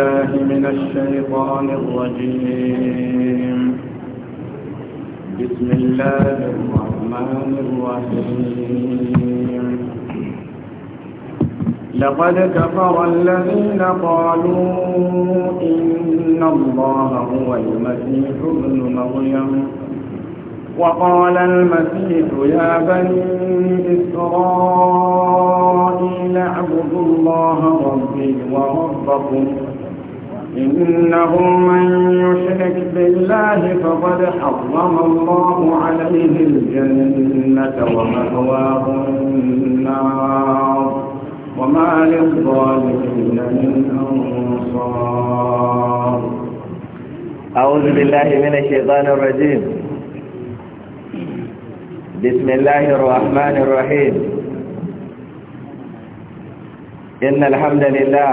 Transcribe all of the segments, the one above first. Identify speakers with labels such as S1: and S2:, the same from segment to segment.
S1: الله من الشيطان الرجيم بسم الله الرحمن الرحيم لقد كفر الذين قالوا إن الله هو المسيح ابن مريم وقال المسيح يا بني إسرائيل اعبدوا الله ربي وربكم إنه من يشرك بالله فقد حرم الله عليه الجنة ومأواه النار وما للظالمين من
S2: أنصار أعوذ بالله من الشيطان الرجيم بسم الله الرحمن الرحيم إن الحمد لله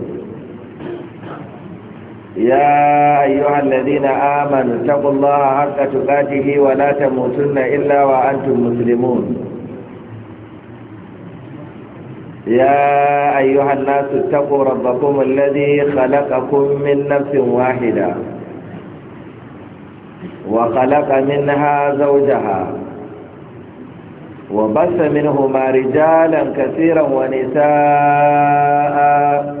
S2: Ya ayyuhan Ladina Aman taɓa ba a harka tuka jiki walata mutum na illawa antun Ya ayyuhan nasu taɓon rabba kuma ladi kalaƙaƙumin nafsin wahida. Wa kalaƙa min ha Wa basa humari jala ka tseren wa nisaa.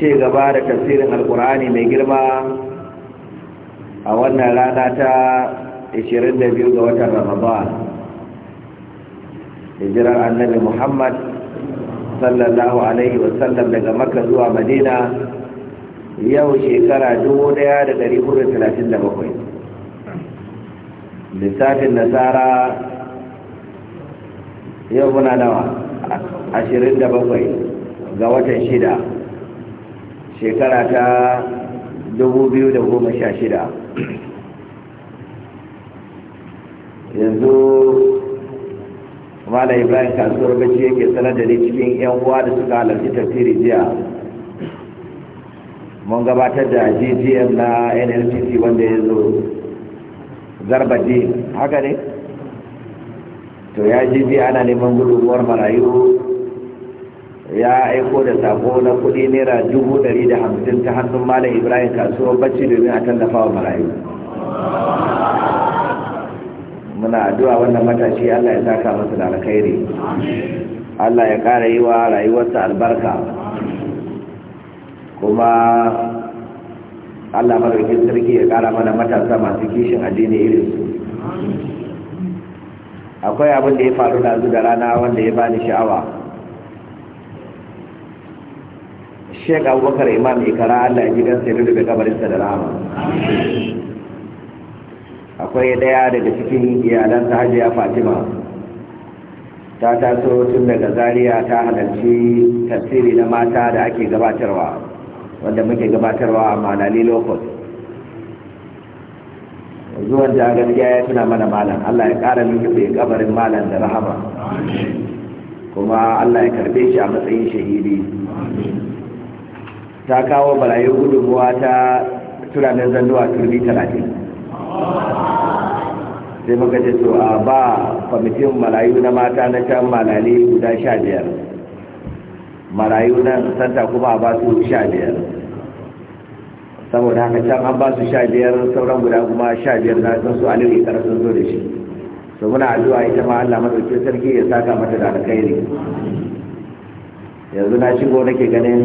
S2: ce gaba da tafsirin alkur'ani mai girma a wannan rana ta 22 ga watan ramadan hijirar annabi muhammad sallallahu alaihi wasallam daga makka zuwa madina yau shekara 1437 lissafin nasara yau muna nawa 27 ga watan shida shekara ta shida, yanzu mala ibrahim kasuwar bacci yake sanar da ni cikin yan uwa da suka halarci tafsiri jiya mun gabatar da gtm na nlcc wanda ya zo zarbadi haka ne to ya ji ana neman gudunmuwar marayu ya aiko da sako na kudi naira dubu dari da hamsin ta hannun malam ibrahim kasuwar bacci domin a tallafa wa marayu muna addu'a wannan matashi allah ya saka masa da alkhairi allah ya ƙara yi wa rayuwarsa albarka kuma allah maraikin sarki ya kara mana matasa masu kishin addini irinsu akwai abin da ya faru da da rana wanda ya bani sha'awa shek abubakar imam ikara allah ya ji gan sai rubuta kabarinsa da rahama akwai daya daga cikin iyalansa hajiya fatima ta taso tun daga zaria ta halarci tafsiri na mata da ake gabatarwa wanda muke gabatarwa a malali locust zuwan da gaskiya ya tuna mana malam allah ya kara miki kabarin malam da rahama kuma allah ya karbe shi a matsayin shahidi ta kawo barayin gudunmuwa ta tunanin zanduwa turbi talatin sai muka ce to a ba kwamitin marayu na mata na can malali guda sha biyar marayu na santa kuma a ba su sha biyar saboda haka can an ba su sha biyar sauran guda kuma sha biyar na sun su aliyu ikar sun zo da shi to muna addu'a ita ma Allah madaukakin sarki ya saka mata da alkhairi yanzu na shigo nake ganin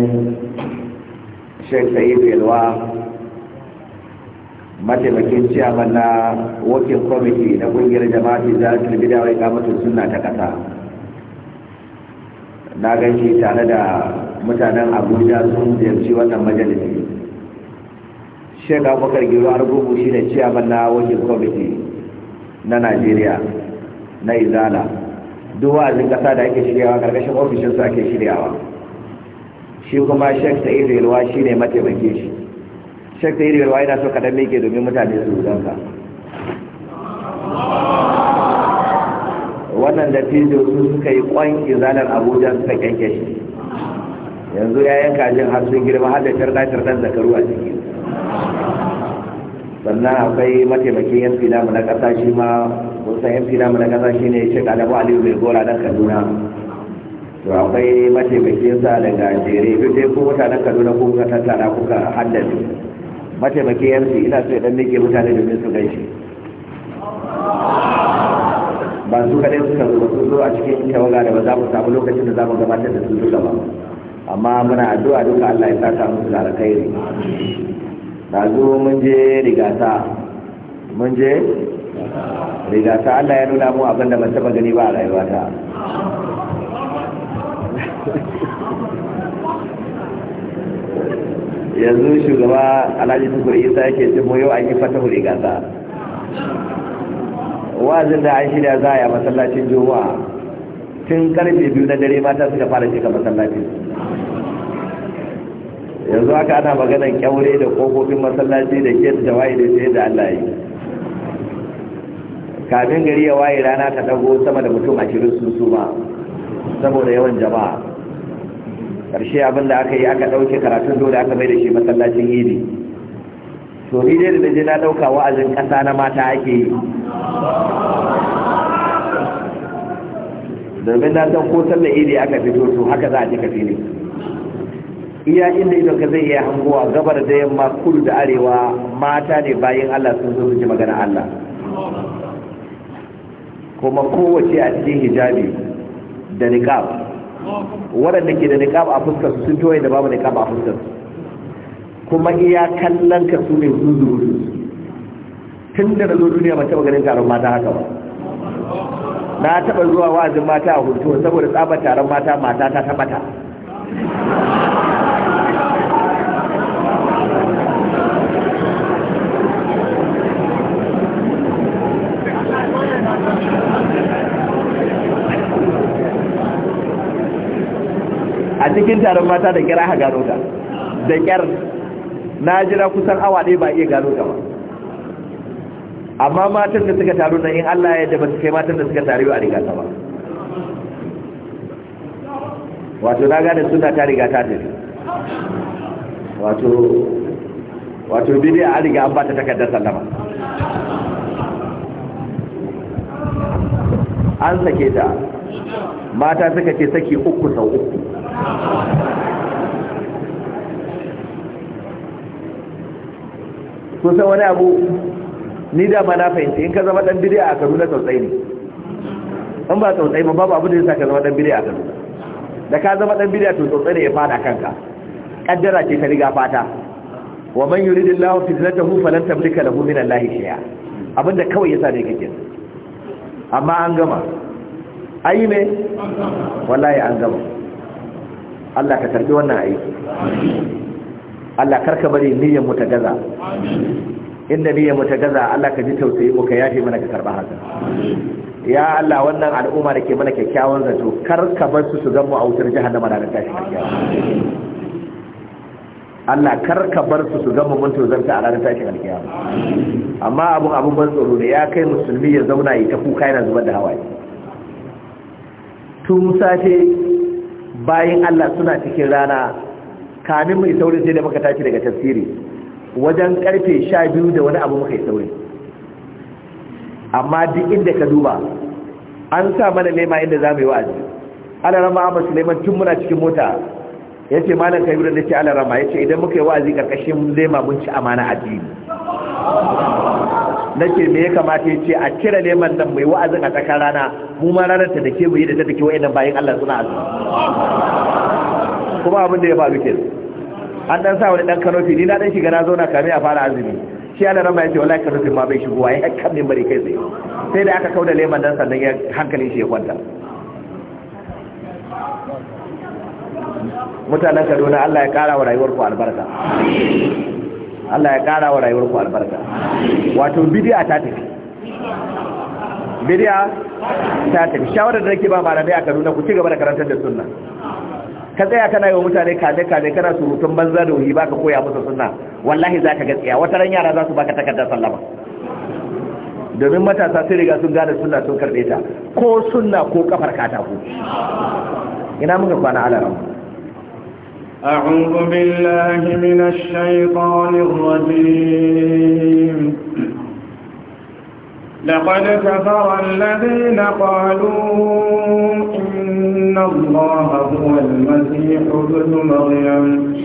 S2: shek sa'id yalwa mataimakin ciyaman na wakil kwamiti na kungiyar jama'a da su libi da wai kamatun suna ta kasa na ganshi tare da mutanen abuja sun ziyarci wannan majalisi shek abubakar giro argungu shi ne ciyaman na wakil kwamiti na najeriya na izala duk wa'azin kasa da ake shiryawa karkashin su ake shiryawa shi kuma shek iri ruwa shi ne mataimake shi shek iri ruwa yana so kaɗan mike domin mutane su ka wannan da fijo su suka yi kwan izanar abuja suka kyanke shi yanzu ya yanka jin har sun girma har da tarɗa ɗan zakaru a ciki sannan akwai mataimakin yan filamu na ƙasa shi ma kusan yan filamu na ƙasa shi ne shek adamu aliyu mai gora don kaduna to akwai mataimakin sa daga jere duk dai ko mutanen kaduna ko kuka tattara kuka haddace mataimakin yansu ina so idan nake mutane domin su gaishe ba su kaɗai suka zo ba su zo a cikin tawaga da ba za mu samu lokacin da za mu gabatar da su duka ba amma muna addu'a duka Allah ya saka musu da alkhairi da zo mun je rigata mun je rigata Allah ya nuna mu abin da ban taɓa gani ba a rayuwata yanzu shugaba alhaji tukur isa yake ce mu yau an yi fata huri gasa wazin da an shirya za a yi a masallacin juma'a tun karfe biyu na dare mata suka fara shiga masallacin yanzu haka ana maganan kyaure da kofofin masallaci da ke da waye da sai da allah yi kamin gari ya waye rana ta dago sama da mutum ashirin sun suma saboda yawan jama'a karshe abin da aka yi aka ɗauke karatun dole aka mai da shi masallacin idi to ni dai da je na ɗauka wa'azin ƙasa na mata ake yi domin na san ko sallar idi aka fito to haka za a ji fili iya inda idan ka zai iya hangowa gabar da yamma kudu da arewa mata ne bayan Allah sun zo su ji magana Allah kuma kowace a cikin hijabi da niqab waɗanda ke da niqab a fuskar su sun toye da babu niqab a fuskar su kuma iya kallon ka su ne zuzuru tun da na zo duniya ban taɓa ganin taron mata haka ba na taɓa zuwa wa'azin mata a hutu saboda tsabar taron mata mata ta taɓata cikin taron mata da kira ha gano ta da kyar na jira kusan awa ɗaya ba iya gano ta ba amma matan da suka taru na in Allah ya yadda ba su kai matan da suka taru a rigata ba wato na gane suna ta rigata ta wato wato bide a riga an ba ta takardar sallama an sake ta mata suka ce saki uku sau uku kusan wani abu ni dama na fahimci in ka zama dan bidiya a kaduna sautsai ne in ba sautsai ba babu abu da yasa ka zama dan bidiya a kaduna da ka zama dan bidiya a sautsai ne ya fada kanka kaddara ce ka riga fata wa man Allahu fitnatahu falan tamlika lahu min allahi shay'a abinda kawai yasa ne kake amma an gama ayi me wallahi an gama Allah ka karbi wannan aiki Allah karka bari niyyar mutagaza ta gaza inda niyyar mutagaza ta gaza Allah ka ji tausayi mu ka yafe mana ka karba haka ya Allah wannan al'umma da ke mana kyakkyawan zato karka bar su su gan mu a wutar jahannama da tashi Allah karka bar su su gan mu mun tozanta a ranar tashin alkiyama amma abun abun ban tsoro ne ya kai musulmi ya zauna yi ta kuka yana zubar da hawaye tun safe bayan Allah suna cikin rana kamin mai saurin sai da muka tashi daga tafsiri wajen karfe sha biyu da wani abu muka yi saurin amma duk inda ka duba an sa mana lema inda za mu yi wa'azi rama amma suleiman tun muna cikin mota ya ce malam wurin da ce alarama ya ce idan muka yi wa'azi karkashin lema mun ci amana addini nake me ya kamata ya ce a kira leman nan mai wa'azin a tsakar rana mu ma ranar ta dake mu yi da ta dake wa'annan bayan Allah suna azu kuma abin da ya faru ke an dan sa wani dan kanofi ni na dan shiga na zauna kame a fara azumi shi ya rama ya ce Kano kanofin ma bai shigo ai kan ne kai tsaye sai da aka kauda leman nan sannan ya hankalin shi ya kwanta
S3: mutanen Kaduna
S2: Allah ya kara wa rayuwarku albarka Allah ya ƙara wa rayuwar ku albarka wato bidiya ta tafi bidiya ta tafi shawarar da nake ba malamai a Kaduna ku ci gaba da karantar da sunna ka tsaya kana yi wa mutane kaje kaje kana surutun banza da wuri baka koya musu sunna wallahi zaka ga tsaya wata ran yara za su baka takarda sallama domin matasa sai riga sun gane sunna sun karbe ta ko sunna ko kafar katako ina muka kwana alaramu
S1: أعوذ بالله من الشيطان الرجيم لقد كفر الذين قالوا إن الله هو المسيح ابن مريم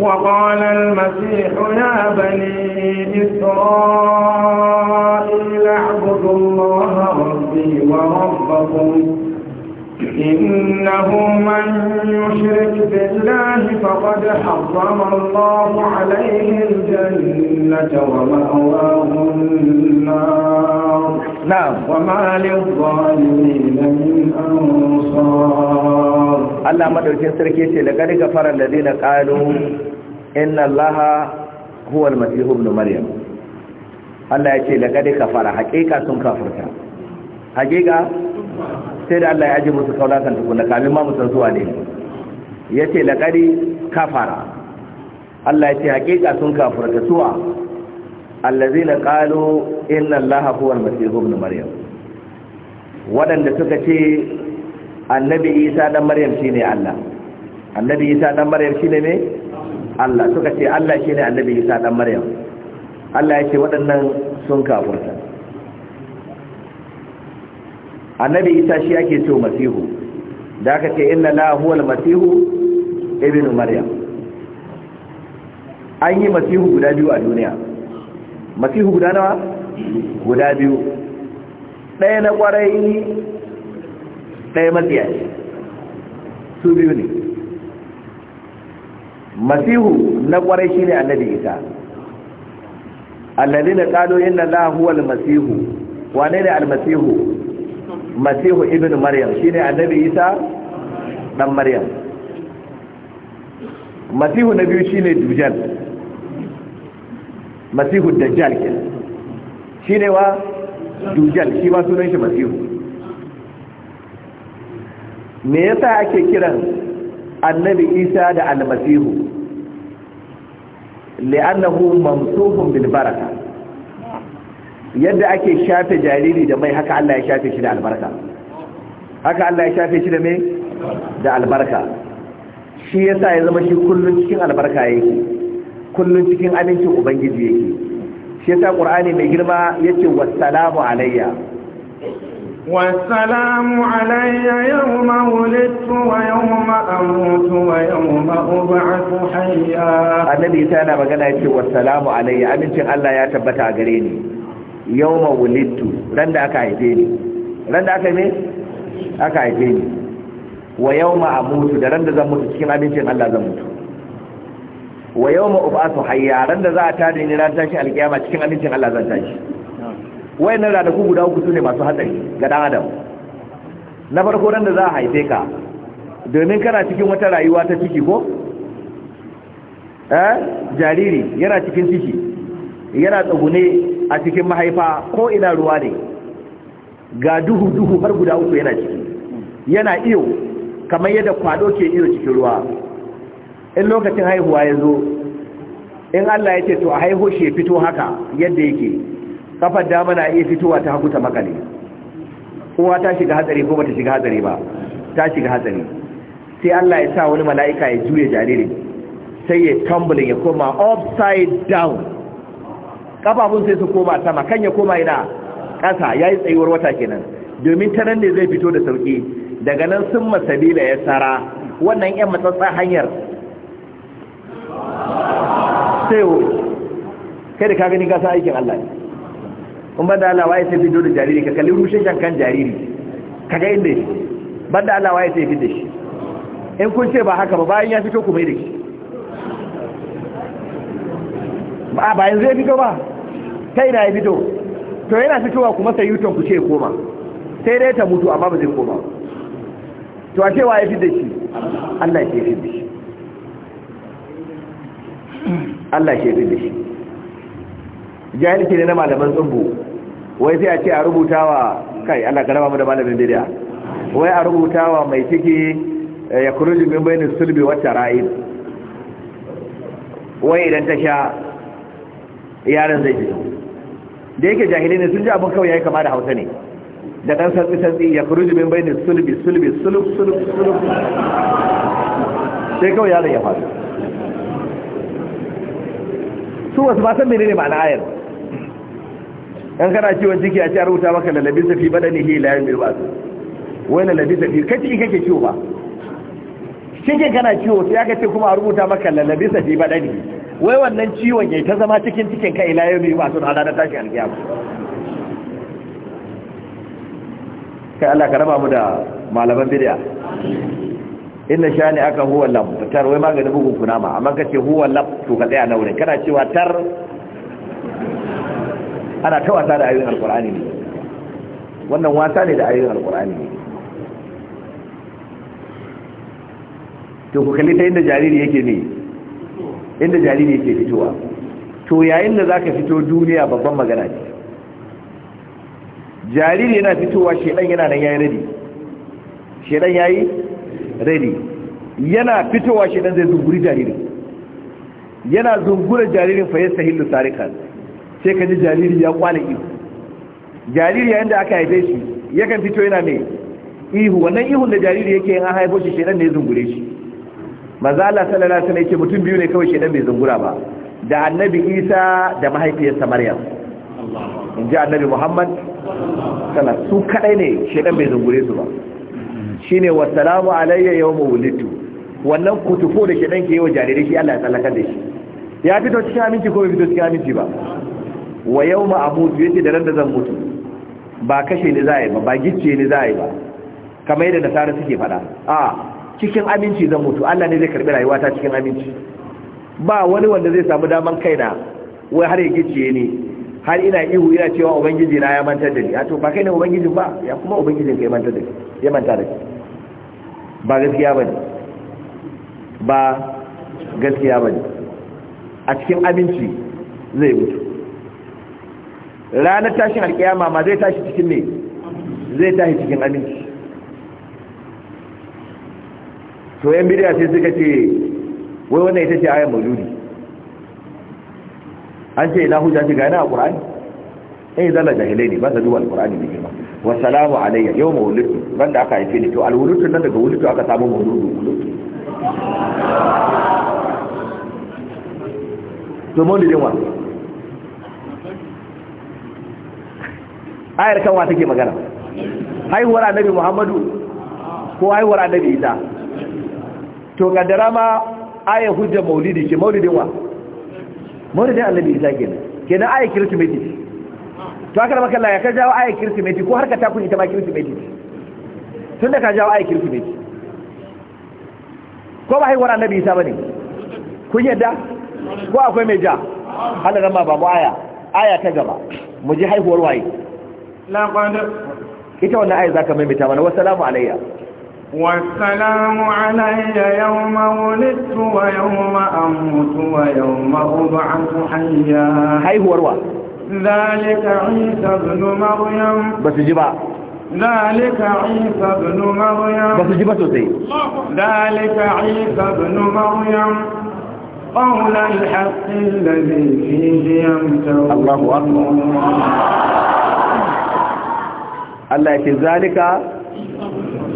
S1: وقال المسيح يا بني إسرائيل اعبدوا الله ربي وربكم إنه من يشرك بالله فقد حرم الله عليه الجنة ومأواه النار نعم وما للظالمين من
S2: أنصار الله ما دوكين سركيتي لقد كفر الذين قالوا إن الله هو المسيح ابن مريم Allah ya ce lagade kafara haƙiƙa sun kafurta haƙiƙa sai da Allah ya aje musu kan tukuna kamin ma musan zuwa ne ya ce laƙari kafara Allah ya ce haƙiƙa sun kafurta suwa allazi na ƙalo inna Allah huwar masihu ibn maryam waɗanda suka ce annabi isa ɗan maryam shine Allah annabi isa ɗan maryam shine ne Allah suka ce Allah shine annabi isa ɗan maryam Allah ya ce waɗannan sun kafurta annabi isa shi ake ce masihu da aka ce inna la huwal masihu ibnu maryam an yi masihu guda biyu a duniya masihu guda nawa guda biyu ɗaya na ƙwarai ɗaya matsiyaci su biyu ne masihu na ƙwarai shi ne annabi isa allazi na ƙado yin da lahuwal masihu wane ne almasihu masihu ibn maryam shine annabi isa dan maryam masihu na biyu shine dujjal masihu dajjal ke shine wa dujjal shi ba sunan shi masihu me yasa ake kiran annabi isa da almasihu li'annahu mamsuhun bil baraka yadda ake shafe jariri da mai haka Allah ya shafe shi da albarka haka Allah ya shafe shi da mai da albarka shi yasa ya zama shi kullun cikin albarka yake kullun cikin amincin ubangiji yake shi yasa qur'ani mai girma yace wassalamu alayya alayya
S1: والسلام wulidtu wa ولدت amutu wa ويوم ub'athu
S2: hayya annabi تعالى magana yace wassalamu alayya amincin Allah ya tabbata a gare ni yawma wulidtu ran da aka haife ni ran da aka me aka haife ni wa a mutu, da ran da zan mutu cikin abincin Allah zan mutu wa yawma ub'athu hayya ran da za a tare ni ran tashi alkiyama cikin abincin Allah zan tashi Wai nan ranaku guda uku sune masu hatsari ga dan adam na farko ran da za a haife ka domin kana cikin wata rayuwa ta ciki ko eh jariri yana cikin ciki yana tsugune a cikin mahaifa ko ina ruwa ne ga duhu duhu har guda uku yana ciki yana iyo kamar yadda kwado ke iyo cikin ruwa in lokacin haihuwa ya zo in Allah ya ce to a haihu shi ya fito haka yadda yake kafar dama na iya fitowa ta hagu ta makale kowa ta shiga hatsari ko bata shiga hatsari ba ta shiga hatsari sai Allah ya sa wani mala'ika ya juye jaririn sai ya tumbling ya koma upside down kafafun sai su koma sama kan ya koma ina ƙasa yi tsayuwar wata kenan domin ta nan ne zai fito da sauki daga nan sun masabila ya tsara wannan yan matsatsa hanyar sai wo kai da ka gani ka aikin Allah ne in banda Allah waye sai fito da jariri ka kalli rushe kan jariri ka ga inda shi banda Allah waye sai fito da shi in kun ce ba haka ba bayan ya fito kuma yi da shi ba bayan zai fito ba sai da ya fito to yana fitowa kuma sai yuton ku ce koma sai dai ta mutu amma ba zai koma to a cewa ya fi da shi Allah ya fi da shi Allah ya fi da shi jahilci ne na malaman tsumbu wai sai a ce a rubuta wa kai Allah ka raba mu da malamin dariya wai a rubuta wa mai ciki eh, ya kuruji min bayanin sulbi wata ra'id wai idan ta sha yaran zai fito da yake jahilai ne sun ji abin kawai ya yi kama da hausa ne da ɗan santsi santsi ya kuru jimin bai ne sulubi sulubi sulub sulub sulub sai kawai yaron ya faru su wasu ba san menene ma'ana ayar Ɗan kana ciwon ciki a ce a rubuta maka lalabi safi badani hi la yamil ba su wai lalabi safi kai ciki kake ciwo ba cikin kana ciwo sai aka ce kuma a rubuta maka lalabi safi badani wai wannan ciwon ya ta zama cikin cikin ka ila yau ne masu rana na tashi alkiyama kai Allah ka raba mu da malaman bid'a inna shani aka huwa lab tar wai maganin bugun kunama amma ce huwa lam to ka tsaya na wurin kana cewa tar ana ta wasa da ayoyin alkur'ani ne wannan wasa ne da ayoyin alkur'ani ne to ku kalli ta inda jariri yake ne inda jariri yake fitowa to yayin da zaka fito duniya babban magana ce jariri yana fitowa shedan yana nan yayi ready shedan yayi ready yana fitowa shedan zai zunguri jariri yana zungura jaririn fa yastahillu sarikan sai ka ji jariri ya kwala ihu jariri yayin da aka haife shi yakan fito yana mai ihu wannan ihun da jariri yake yin an haifo shi shedan ne zungure shi maza Allah sallallahu alaihi wasallam yake mutum biyu ne kawai shedan bai zungura ba da annabi Isa da mahaifiyarsa Maryam
S3: in
S2: inji annabi Muhammad sallallahu su kadai ne shedan bai zungure su ba shine wassalamu alayya yawma wulidtu wannan kutufo da shedan ke yi wa jariri shi Allah ya tsallaka da shi ya fito cikin aminci ko bai fito cikin aminci ba wa yawma amutu yace da ran da zan mutu ba kashe ni za yi ba ba gicce ni za yi ba kamar yadda nasara suke faɗa a ah, cikin aminci zan mutu Allah ne zai karbi rayuwata cikin aminci ba wani wanda zai samu daman kaina wai har ya gice ni har ina ihu ina cewa ubangiji na ya manta da ni a to ba kai ne ubangijin ba ya kuma ubangijin kai manta da ni ya manta da ni ba gaskiya ne ba gaskiya ne a cikin aminci zai mutu ranar tashin alkiyama ma zai tashi cikin me zai tashi cikin aminci to yan bidiya sai suka ce wai wannan ita ce ayar mauludi an ce ina hujja ce ga yana a ƙur'ani ɗan eh, zala jahilai ne ba ta duba alƙur'ani ne girma wasalamu alayya yau mawulutu ban da aka haife ni to alwulutu nan daga wulutu aka samu mawulutu wulutu to maulidin wa ayar kanwa take magana haihuwar annabi muhammadu ko haihuwar annabi isa to kaddara ma aya hujja maulidi ke maulidin wa maulidin annabi isa kenan kenan aya kirsimeti to haka maka Allah ya ka jawo aya kirsimeti ko har ka ta kun ita ma kirsimeti tunda ka jawo aya kirsimeti ko ba haihuwar annabi isa bane kun yadda ko akwai mai ja Allah rama ba mu aya aya ta gaba mu ji haihuwar waye laqad ita wannan aya zaka maimaita mana wassalamu alayya
S1: والسلام علي يوم ولدت ويوم أموت ويوم أبعث حيا هاي هو روا ذلك عيسى بن مريم بس جبا ذلك عيسى بن مريم بس جبا سوسي ذلك عيسى بن مريم قول الحق الذي فيه يمتون الله أكبر
S2: الله يكي ذلك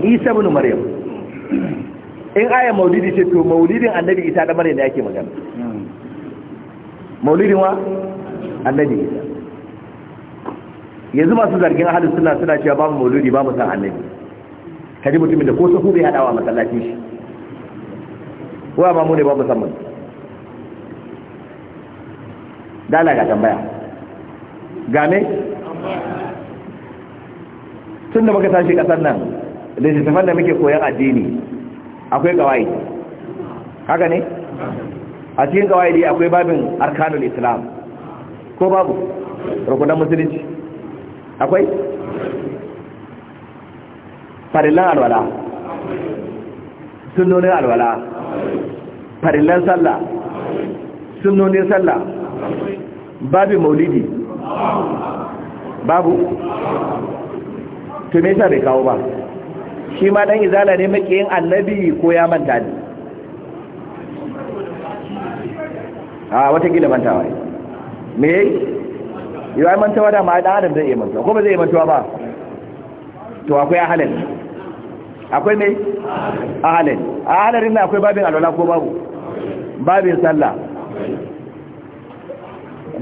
S2: isa bin maryam in aya maulidi ce to maulidin annabi isa da maryam da yake magana maulidin wa annabi isa yanzu masu zargin ahalin suna suna cewa babu maulidi babu san annabi kaji mutumin da ko sahu bai hadawa masallacin shi wa ba mu ne ba da dala ga tambaya game tun da baka tashi kasar nan littattafan da muke koyon addini akwai gawai haka ne a cikin gawai ne akwai babin arkanul islam ko babu rukunan musulunci akwai farillan alwala sunnonin alwala farillan sallah sunnonin sallah babin maulidi babu to me bai kawo ba shi ma dan izala ne yin annabi ko ya manta ne a watakila mantawa ne me yi ya mantawa da ma adam zai iya mantawa ko ba zai iya mantawa ba to akwai ahalin akwai me ahalin ahalin na akwai babin alwala ko babu babin sallah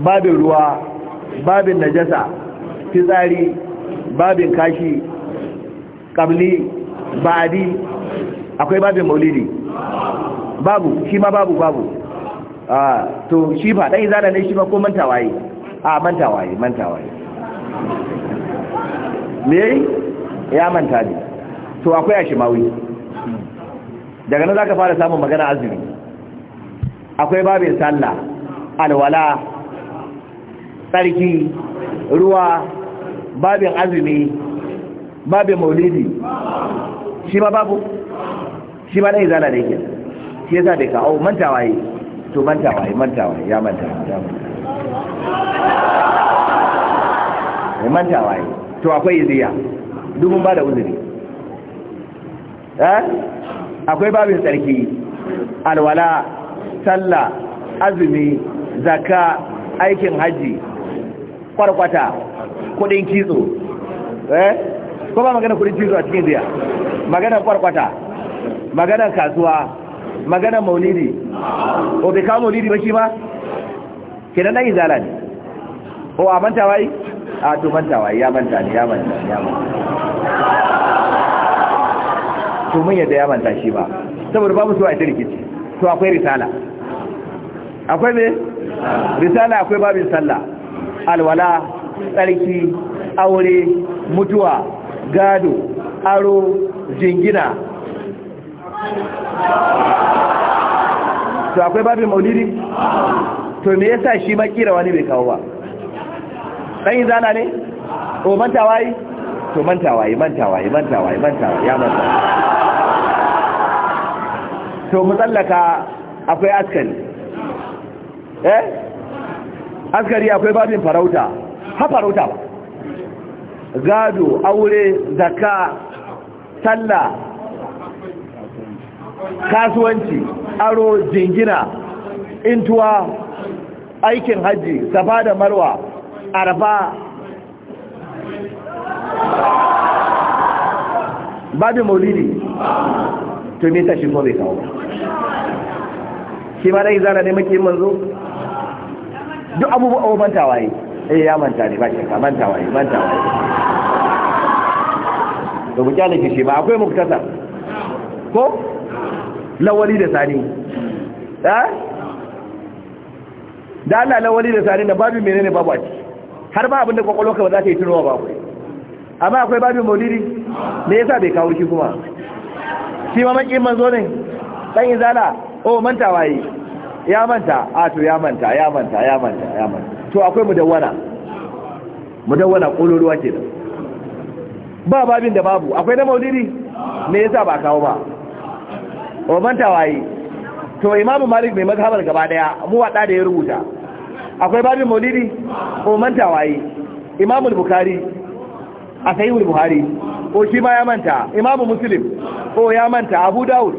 S2: babin ruwa babin najasa fitsari babin kashi kabili ba'adi akwai babin maulidi babu shi ma babu babu a to shi ba ɗan izana ne shi ma ko mantawaye a mantawaye mantawaye me ya manta ne to akwai ashimawi daga nan za ka fara samun magana azumi akwai babin sallah alwala tsarki ruwa babin azumi babin maulidi shi ma babu shi ma dai zana da yake shi yasa da ka au manta waye to manta waye manta waye ya manta ya manta manta waye to akwai iziya dubun ba da uzuri eh akwai babin Sarki, alwala sallah azumi zakka aikin haji kwarkwata kudin kitso eh ko ba magana kudin cizo a cikin ziya magana kwarkwata magana kasuwa magana maulidi o bai kawo maulidi ba shi ba kenan nan izala ne o a manta wai a to manta wai ya manta ne ya manta ya manta to mun yadda ya manta shi ba saboda babu su a ita rikici to akwai risala akwai me risala akwai babin sallah alwala tsarki aure mutuwa gado aro jingina to akwai babin maulidi to me yasa shi makira wani bai kawo ba dan zana ne o mantawa yi to mantawa yi mantawa yi mantawa yi mantawa ya manta to mu akwai askari eh askari akwai babin farauta ha farauta ba gado aure zaka talla kasuwanci aro jingina intuwa aikin hajji safa da marwa arfa babu maulidi to me tashi ko bai kawo shi ma dai zana ne muke manzo duk abubuwa mantawa yi eh ya manta ne ba shi ka manta waye manta waye da mu kyale shi ba akwai muktasar ko lawali da sani eh da Allah lawali da sani da babu menene babu a ciki har ba abinda kwakwalwarka ba za ta yi tunowa ba akwai amma akwai babu maulidi me yasa bai kawo shi kuma shi ma makin manzo ne dan izala oh manta waye ya manta a to ya manta ya manta ya manta ya manta to akwai mudawwana mudawwana ke kenan ba babin da babu akwai na maulidi me yasa ba kawo ba wa manta waye to imamu malik mai mazhabar gaba daya mu wada da ya rubuta akwai babin maulidi O manta waye imamu bukhari a sahihul buhari ko shi ma ya manta imamu muslim ko ya manta abu daud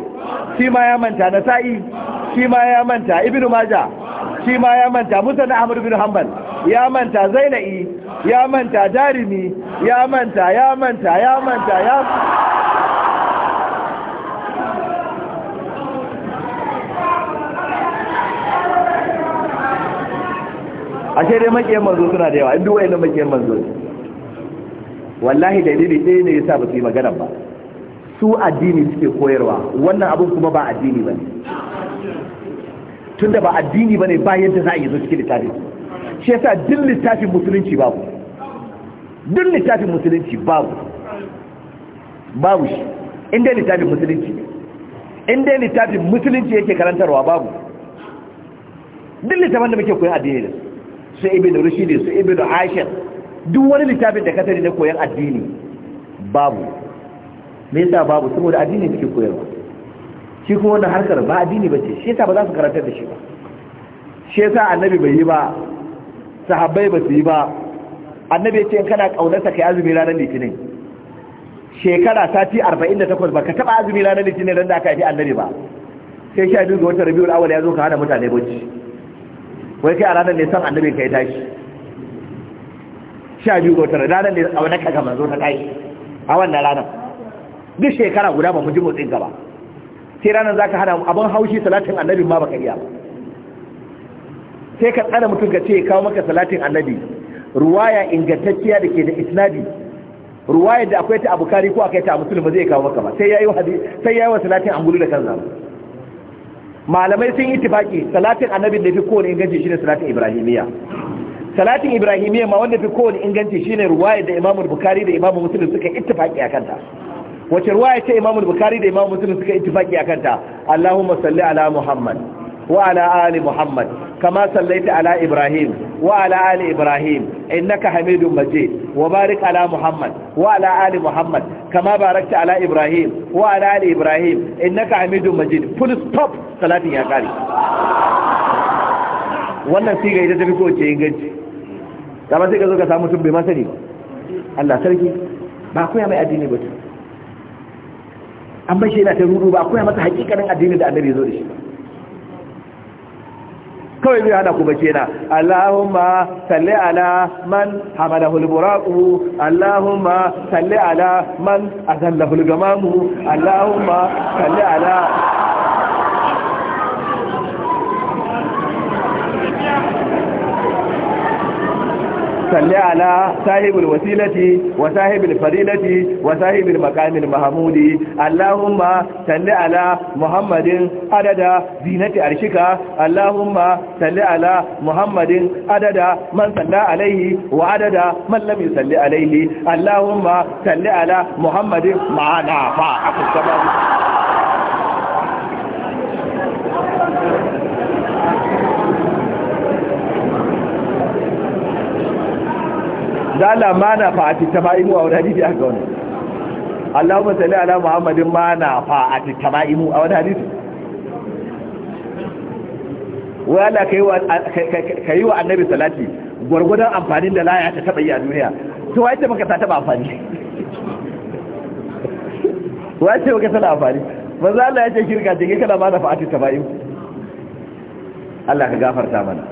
S2: shi ma ya manta nasa'i shi ma ya manta ibnu majah shi ma ya manta musa na ahmadu bin hanbal ya manta zainai ya manta jarimi ya manta ya manta ya manta ya ashe dai makiyar manzo suna da yawa inda wayannan makiyar manzo wallahi dalili ɗaya ne sa ba su yi magana ba su addini suke koyarwa wannan abin kuma ba addini ba tunda ba addini bane bayan da za a yi zo cikin littafin shi yasa duk littafin musulunci babu duk littafin musulunci babu babu shi inda littafin musulunci inda littafin musulunci yake karantarwa babu duk littafin da muke koyan addini da su ibn rushdi su ibn ashir duk wani littafin da ka na koyan addini babu me yasa babu saboda addini suke koyarwa shi kuma wannan harkar ba addini ba ce shi yasa ba za su karantar da shi ba shi yasa annabi bai yi ba sahabbai ba su yi ba annabi ya ce kana kaunarsa kai azumi ranar litinin shekara sati 48 ba ka taba azumi ranar litinin ran da aka yi annabi ba sai sha biyu ga wata rabiul awwal ya zo ka hana mutane bacci wai kai a ranar ne san annabi kai tashi sha biyu ga wata ranar ne a wani kaga manzo ta tashi a wannan ranar duk shekara guda ba mu ji motsin gaba ba sai ranar za ka hana abin haushi salatin annabi ma baka iya sai ka tsara mutum ka ce kawo maka salatin annabi ruwaya ingantacciya da ke da isnadi ruwaya da akwai ta abukari ko akwai ta musulun ba zai kawo maka ba sai yayi hadisi sai yayi wa salatin angulu da kansa malamai sun yi tifaki salatin annabi da fi kowane inganci shine salatin ibrahimiyya salatin ibrahimiyya ma wanda fi kowane inganci shine ruwaya da imamu bukari da imamu musulun suka ittifaki akan ta wace ruwaya ce Imam Bukhari da Imam Muslim suka ittifaki akan ta Allahumma salli ala Muhammad wa ala ali Muhammad kama sallaita ala Ibrahim wa ala ali Ibrahim innaka Hamidum Majid wa barik ala Muhammad wa ala ali Muhammad kama barakta ala Ibrahim wa ala ali Ibrahim innaka Hamidun Majid full stop salatin ya kare wannan siga ita tafi kowace inganci kama sai ka zo ka samu tun bai masani ba Allah sarki ba koya mai addini ba an bashi yana ta rudu ba akwai masa hakikanin addini da annabi zo da shi kawai zai hana ku bace na Allahumma salli ala man hamalahu al-buraqu Allahumma salli ala man azallahu gamamu Allahumma salli ala salli ala sahibul wasilati wa sahibul farilati wa sahibul maqamil mahmudi allahumma salli ala muhammadin adada zinati arshika allahumma salli ala muhammadin adada man salla alaihi wa adada man lam yusalli alaihi allahumma salli ala muhammadin ma'ana fa akusaba da Allah mana fa a tattama'imu a wani hadisi aka wani Allahumma tsalli ala Muhammadin mana fa a tattama'imu a wani hadisi wai yana ka yi wa annabi salati gwargwadon amfanin da laya ta taɓa yi a duniya to wa yadda maka ta taɓa amfani wa yadda maka ta amfani manzo Allah ya ce shirka jirgin kai kana mana fa a tattama'imu Allah ka gafarta mana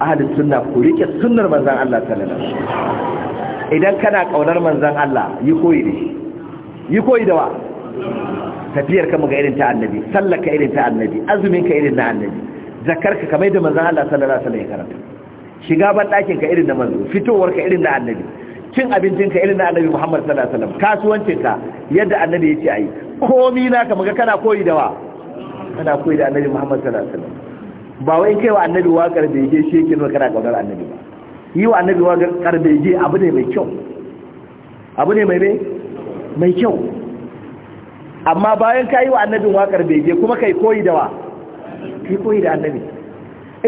S2: ahadin sunna ku rike sunnar manzan Allah sallallahu alaihi wasallam idan kana kaunar manzan Allah yi koyi da shi yi koyi da wa tafiyar ka muga irin ta annabi sallar ka irin ta annabi azumin ka irin na annabi zakar ka kamar da manzan Allah sallallahu alaihi wasallam ya karanta shiga ban ɗakin ka irin da manzo fitowar ka irin na annabi cin abincin ka irin na annabi Muhammad sallallahu alaihi wasallam kasuwancin ka yadda annabi ya ce ayi komi na ka muga kana koyi da wa kana koyi da annabi Muhammad sallallahu alaihi wasallam ba wai kai wa annabi wakar bege shi yake nuna kana ƙaunar annabi ba yi wa annabi wakar bege abu ne mai kyau abu ne mai mai kyau amma bayan ka yi wa annabin wakar bege kuma kai koyi da wa kai koyi da annabi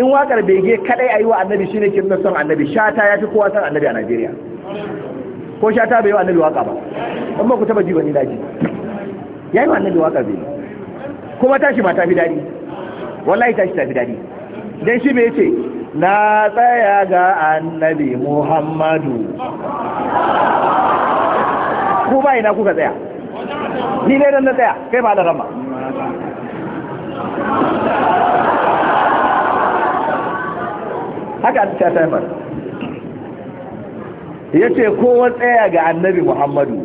S2: in wakar bege kadai a yi wa annabi shi ne ke son annabi shata ya fi kowa son annabi a najeriya ko shata bai yi wa annabi waka ba amma ku taba ji wani daji ya yi wa annabi wakar bege kuma tashi mata fi daɗi wallahi tashi tafi dadi dan shi me yace na tsaya ga annabi Muhammadu ku ba na kuka tsaya ni ne dan na tsaya kai ba da rama haka ta taifar ya ce kowa tsaya ga annabi Muhammadu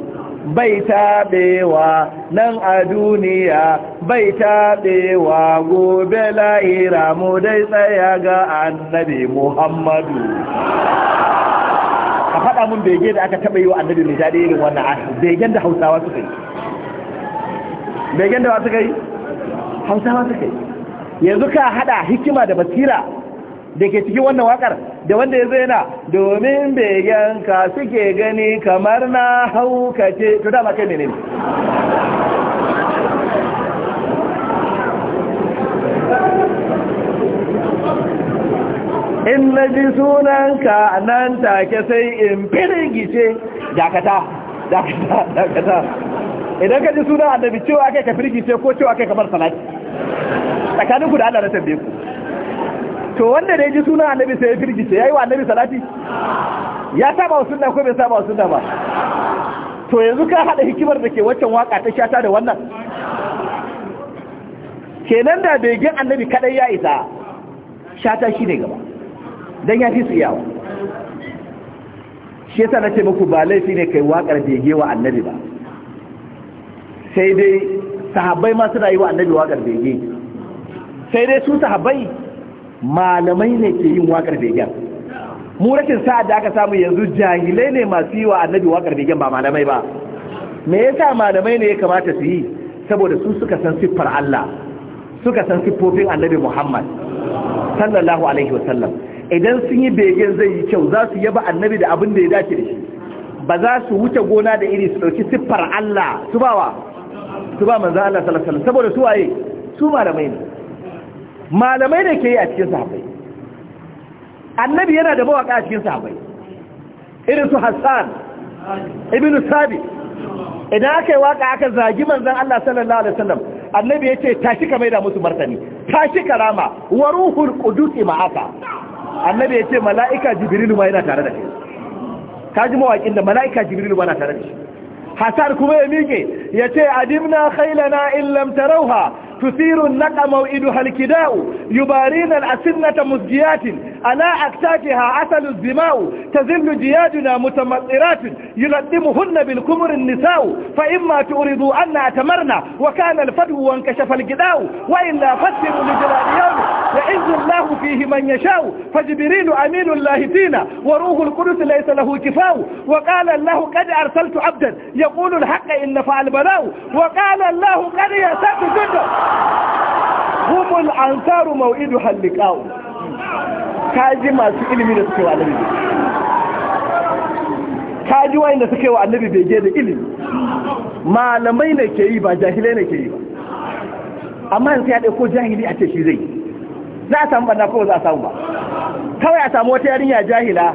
S2: bai taɓewa nan a duniya bai taɓewa gobe la'ira mu dai tsaya ga annabi muhammadu a faɗa mun bege da aka taɓa yi wa annabi mai daɗe irin wannan a begen da hausawa suka yi begen da wasu kai hausawa suka yi yanzu ka haɗa hikima da basira da ke cikin wannan wakar da wanda ya zaina domin begen ka suke gani kamar na haukace to dama kai ne ne in na ji sunanka nan take sai in firgice dakata dakata dakata idan ka ji sunan annabi cewa kai ka firgice ko cewa ka kamar salati tsakanin ku da Allah na tambaye ku to wanda da ya ji sunan annabi sai ya firgice yayi wa annabi salati ya saba wa sunna ko bai saba wa sunna ba to yanzu ka hada hikimar da ke waccan waka ta shata da wannan kenan da gin annabi kadai ya isa shata shi ne gaba don ya fi su yawa shi yasa ce muku ba laifi ne kai waƙar bege wa annabi ba sai dai sahabbai ma suna yi wa annabi waƙar bege sai dai su sahabbai malamai ne ke yin waƙar begen mu rashin sa'ad da aka samu yanzu jahilai ne masu yi wa annabi waƙar begen ba malamai ba me yasa malamai ne ya kamata su yi saboda su suka san siffar Allah suka san siffofin annabi Muhammad sallallahu alaihi wa sallam. idan sun yi begen zai yi kyau za su yaba annabi da abin da ya dace da shi ba za su wuce gona da iri su ɗauki siffar Allah su ba wa su ba manzan Allah salasalam saboda su waye su malamai ne malamai ne ke yi a cikin sahabai annabi yana da mawaƙa a cikin sahabai irin su hassan ibn sabi idan aka yi waka aka zagi manzan Allah sallallahu alaihi wasallam annabi ya ce tashi ka maida musu martani tashi karama wa ruhul qudus ma'aka annabi ya ce mala'ika jibirilu ma yana tare da shi ta ji mawaƙin da mala'ika jibrilu ma na tare da shi hasar kuma ya miƙe ya ce adimna khailana in tarauha تثير النقم موئدها الكداء يبارين الأسنة مزجيات على أكتافها عسل الزماء تزل جيادنا متمطرات يلدمهن بالكمر النساء فإما تؤردوا أن أتمرنا وكان الفدو وانكشف الجداء وإلا فسروا لجلال يوم يعز الله فيه من يشاء فجبريل أمين الله فينا وروح القدس ليس له كفاء وقال الله قد أرسلت عبدا يقول الحق إن فعل بلاء وقال الله قد يسأت جدا humul ansaru mau'idu halliqa'u kaji masu ilimi da suke wa annabi kaji wayanda suke wa annabi bege da ilimi malamai ne ke yi ba jahilai ne ke yi ba amma yanzu ya ko jahili a ce shi zai za a samu banna ko za a samu ba kawai a samu wata yarinya jahila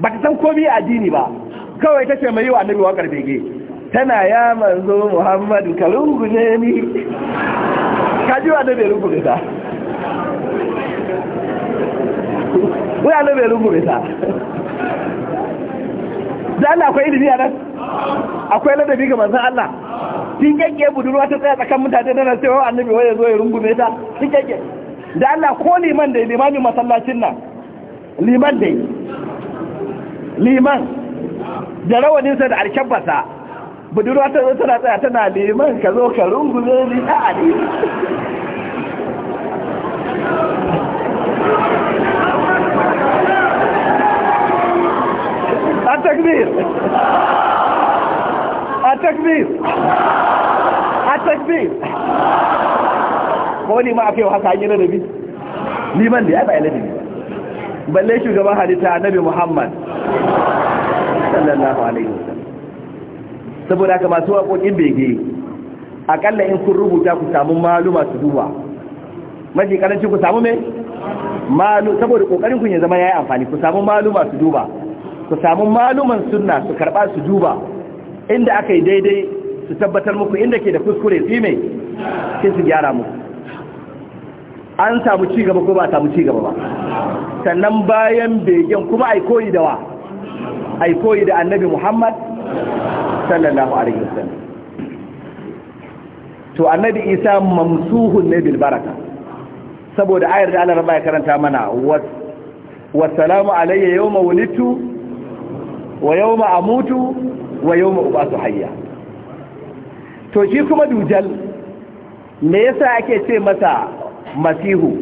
S2: ba ta san komi addini ba kawai ta ce mai yi wa annabi waƙar bege tana ya manzo muhammadu ka rungume ni ka ji wanda bai rungume ta wanda bai rungume ta da na akwai ilimi a nan akwai ladabi ga manzan Allah kin kyanke budurwa ta tsaya tsakan mutane na nan cewa annabi waje zo ya rungume ta kin kyanke da Allah ko liman da limanin masallacin nan liman dai liman da rawaninsa da alkyabbasa budurwa ta zo tana tsaya tana neman ka zo ka rungume ni a ne a takbir a takbir a takbir ko ne ma a fiye haka an yi ladabi liman da ya bai ladabi balle shugaban halitta nabi muhammad sallallahu alaihi wasallam saboda haka masu waƙoƙin bege akalla in kun rubuta ku samu maluma su duba mafi ƙarancin ku samu mai malu saboda ƙoƙarin kun ya zama ya yi amfani ku samu maluma su duba ku samu maluman suna su karɓa su duba inda aka yi daidai su tabbatar muku inda ke da kuskure su mai sai su gyara muku an samu ci gaba ko ba samu ci gaba ba sannan bayan begen kuma ai koyi da wa ai koyi da annabi Muhammad sallallahu alaihi wasallam to annabi isa mamsuhun ne bil baraka saboda ayar da Allah ya karanta mana wa salamu alayya yawma wulidtu wa yawma amutu wa yawma ubatu hayya to shi kuma dujal me yasa ake ce masa masihu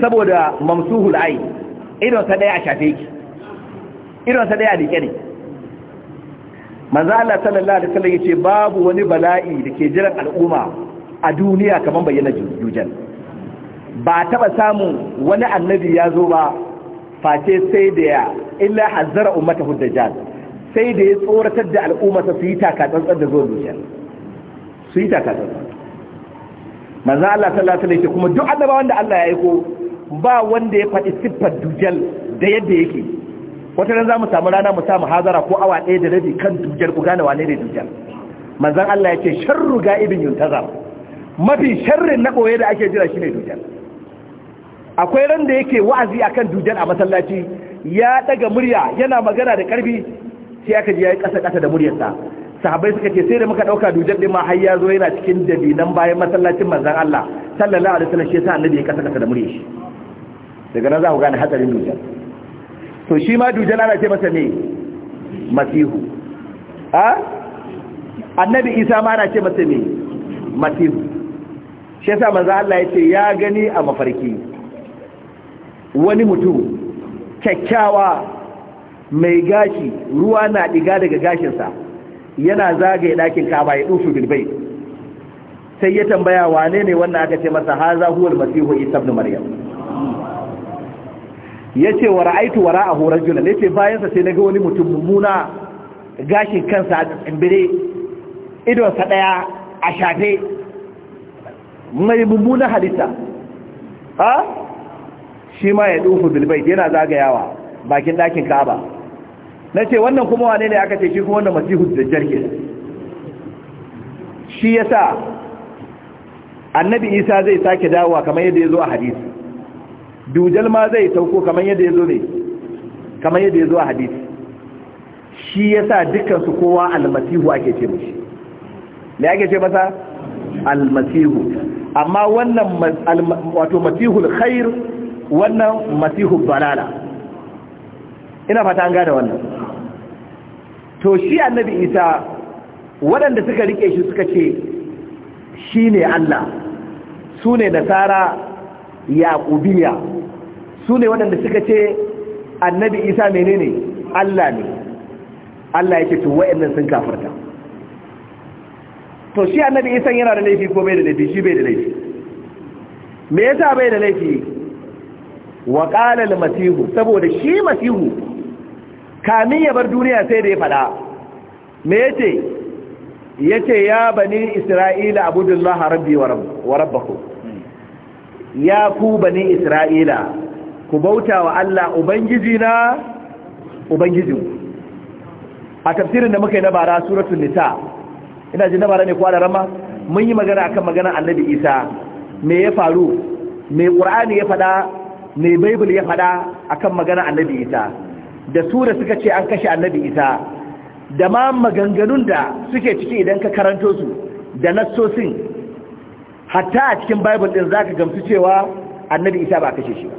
S2: saboda mamsuhul ayn idan sa daya a shafe ki idan sa daya a dike ne manzo Allah sallallahu alaihi wasallam yace babu wani bala'i da ke jiran al'umma a duniya kamar bayyana dujal ba taba samun wani annabi ya zo ba face sai da ya illa hazzara ummatahu dajjal sai da ya tsoratar da al'umma su yi taka takatsantsan da zuwa dujal su yi taka-dantsar. takatsantsan manzo Allah sallallahu alaihi wasallam kuma duk annabawan da Allah ya aiko ba wanda ya faɗi siffar dujal da yadda yake wata nan za mu samu rana mu samu hazara ko awa ɗaya da rabi kan dujjar ku gane wane ne dujjar manzan Allah ya ce sharru ga'ibin tazar. mafi sharrin na ɓoye da ake jira shine dujjar akwai ran da yake wa'azi akan dujjar a masallaci ya daga murya yana magana da karfi sai aka ji yayi ƙasa ƙasa da muryarsa sahabbai suka ce sai da muka dauka dujar din ma har ya zo yana cikin nan bayan masallacin manzan Allah sallallahu alaihi wasallam shi ya sa annabi ya ƙasa ƙasa da muryar shi daga nan za ku gane hatsarin dujar to shi ma dujjal na ce masa ne masihu a annabi isa ma na ce masa ne masihu shi yasa manzo Allah ya ce ya gani a mafarki wani mutum kyakkyawa mai gashi ruwa na diga daga gashinsa yana zagaye ɗakin kaba ya dufu bilbai sai ya tambaya wane ne wannan aka ce masa haza huwal masihu isa ibn maryam Ya ce wa ra'aitu ra'ahu rajulan Ya bayan bayansa sai naga wani mutum mummuna gashin kansa a tsimbire idon sa daya a shafe mai mummuna halitta ha shi ma ya dufu bil yana zagayawa bakin dakin Ka'aba nace wannan kuma wane ne aka ce shi kuma wannan masihu dajjal ke shi yasa annabi Isa zai sake dawowa kamar yadda ya zo a hadisi dujal ma zai sauko kamar yadda ya zo ne kamar yadda ya zo a hadisi shi ya sa dukansu kowa almasihu ake ce mashi ne ake ce masa almasihu amma wannan wato masihul khair wannan masihul balala ina fata an gada wannan to shi annabi isa waɗanda suka rike shi suka ce shi ne allah su ne nasara yaqubiya su ne waɗanda suka ce annabi isa menene allah ne allah ya ce to waɗannan sun kafarta to shi annabi isan yana da laifi ko bai da laifi shi bai da laifi me yasa bai da laifi wa qala masihu saboda shi masihu kamin ya bar duniya sai da ya faɗa. me ya ce ya bani isra'ila abudullahi rabbi wa rabbakum ya ku bani isra'ila ku bauta wa Allah ubangiji na ubangiji a tafsirin da muka yi na bara suratul nisa ina ji na bara ne kwa da rama mun yi magana akan magana annabi isa me ya faru me qur'ani ya fada me bible ya fada akan magana annabi isa da sura suka ce an kashe annabi isa da ma maganganun da suke ciki idan ka karanto su da nassosin hatta a cikin bible din zaka gamsu cewa annabi isa ba kashe shi ba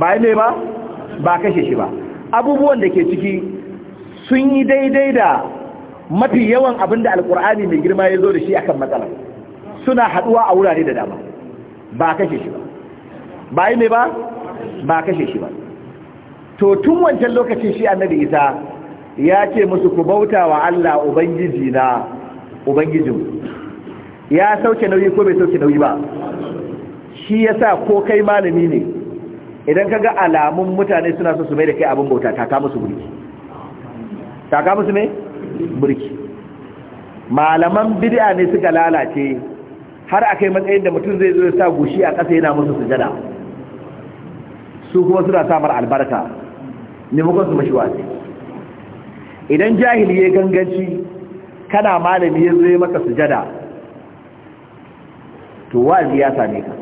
S2: ba ne ba ba kashe shi ba abubuwan da ke ciki sun yi daidai da mafi yawan abin da alkur'ani mai girma ya zo da shi akan matsala suna haduwa a wurare da dama ba kashe shi ba ba ne ba ba kashe shi ba to tun wancan lokacin shi annabi isa ya ce musu ku bauta wa Allah ubangiji na ubangijinku ya sauke nauyi ko bai sauke nauyi ba shi yasa ko kai malami ne idan kaga alamun mutane suna so su mai da kai abin bauta taka musu burki taka musu ne burki malaman bid'a ne suka lalace har akai matsayin da mutum zai zo ya sa gushi a ƙasa yana musu sujada su kuma suna samar albarka ne mukan su mashi wasi idan jahili ya ganganci kana malami ya zo maka sujada to wa'azi ya same ka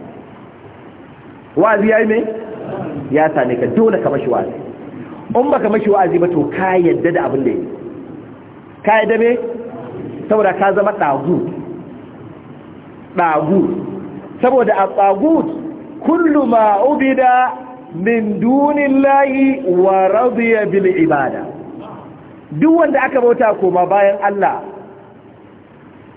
S2: wa'azi ya yi mai ya same ka dole ka mashi wa'azi in baka mashi wa'azi ba to ka yadda da abin da yi ka yadda me saboda ka zama ɗagu ɗagu saboda a ɗagu kullu ma ubida min layi wa ya bil ibada duk wanda aka bauta koma bayan Allah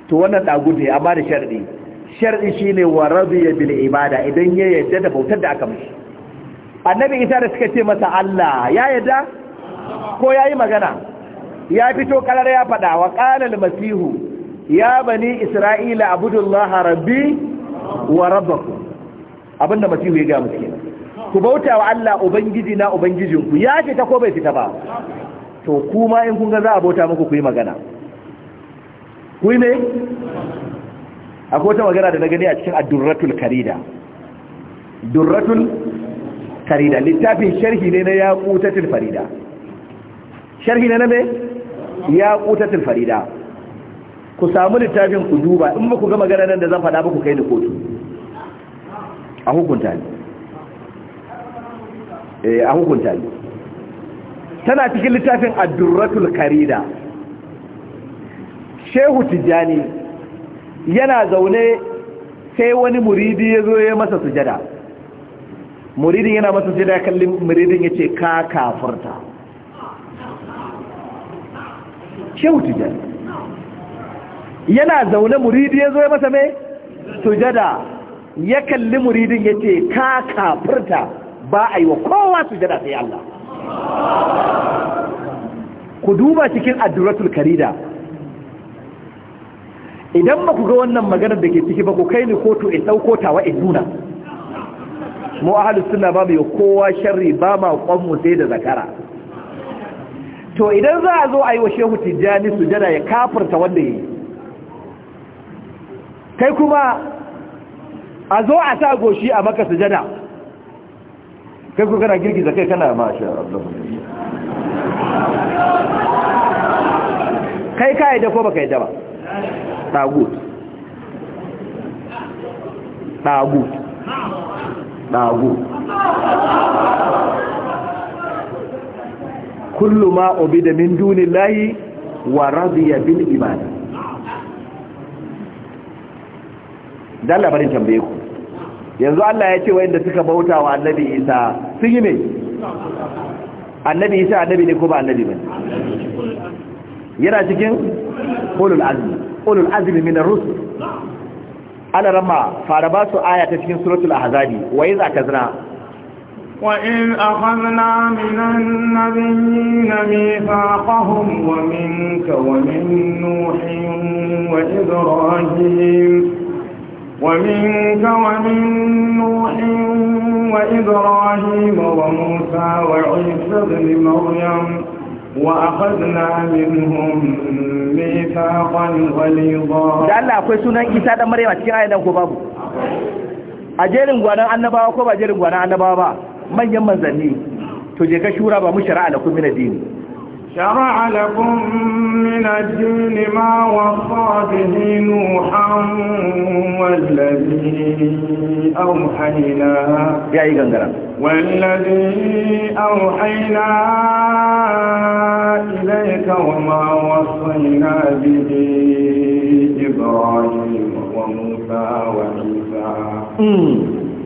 S2: to wannan ɗagu ne amma da sharɗi shar'i ne wa ya bil ibada idan ya yadda da bautar da aka mashi. annabi isa da suka ce masa Allah ya yadda ko ya yi magana ya fito kalar ya fada wa qala masihu ya bani isra'ila abudullaha rabbi wa rabbakum abinda masihu ya ga musu ku bauta wa Allah ubangiji na ubangijinku ya fita ko bai fita ba to kuma in kun ga za a bauta muku ku yi magana ku yi ne akwai wata magana da na gani a cikin addurratul karida durratul karida littafin sharhi ne na yaqutatul farida sharhi ne na me yaqutatul farida ku samu littafin ku duba in ba ku ga magana nan da zan faɗa ba ku kai ni kotu a hukunta ni eh a hukunta ni tana cikin littafin addurratul karida shehu tijani yana zaune sai wani muridi ya zo ya masa sujada muridin yana masa sujada kallin muridin ya ce ka kafarta
S3: kyau tijjani
S2: yana zaune muridi ya zo ya masa mai sujada ya kalli muridin ya ce ka kafarta ba a yi wa kowa sujada sai Allah ku duba cikin adduratul karida idan ba ku ga wannan maganar da ke ciki ba ku kai ni kotu in ɗauko tawa in nuna mu ahalus suna ba mai kowa sharri ba ma kwanmu sai da zakara to idan za a zo a yi wa shehu tijjani sujada ya kafarta wanda ya yi kai kuma a zo a sa goshi a maka sujada kai ku kana girgiza kai kana masha Allah kai ka yi da ko baka yi da ba ɗagut ɗagut ɗagut kullu ma obida min duni layi wa radiya bil ibada dan labarin tambaye ku yanzu Allah ya ce wayanda suka bauta wa annabi Isa sun yi ne annabi Isa annabi ne ko ba annabi ba yana cikin ulul azmi ulul azmi min ar-rusul ana rama fara ba su aya ta cikin suratul ahzabi wa
S1: وإذ أخذنا من النبيين ميثاقهم ومنك ومن نوح وإبراهيم ومنك ومن نوح وإبراهيم وموسى وعيسى بن مريم
S2: وأخذنا منهم ميثاقا غليظا da Allah akwai sunan Isa dan Maryam a cikin ayan ko babu a jerin gwanan annabawa ko ba jerin gwanan annabawa ba manyan manzanni to je ka shura ba mu shari'a lakum min ad-din
S1: شرع لكم من الدين ما وصى به نوحا والذي أوحينا والذي أوحينا إليك وما وصينا به إبراهيم وموسى وعيسى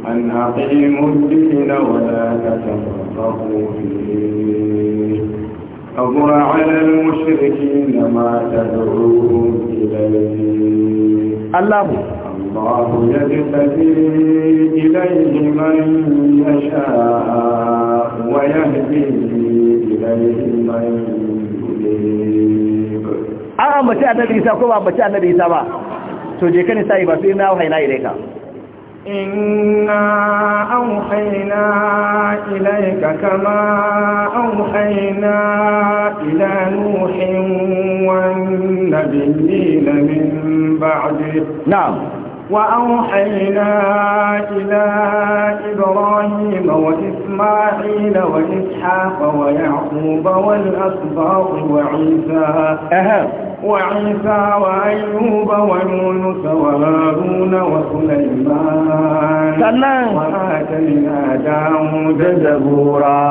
S1: أن أقيموا الدين ولا تتفرقوا فيه أضر على المشركين ما تدعوهم إليه الله الله يجتدي إليه من يشاء ويهدي إليه من
S2: yi. An mace annabi isa ko ba mace annabi isa ba, to je ka nisa yi ba su ina wahai na ire
S1: إنا أوحينا إليك كما أوحينا إلى نوح والنبيين من بعده نعم وأوحينا إلى إبراهيم وإسماعيل وإسحاق ويعقوب والأسباط وعيسى أهل. وعيسى وأيوب ويونس وهارون وسليمان وآتينا
S2: داود زبورا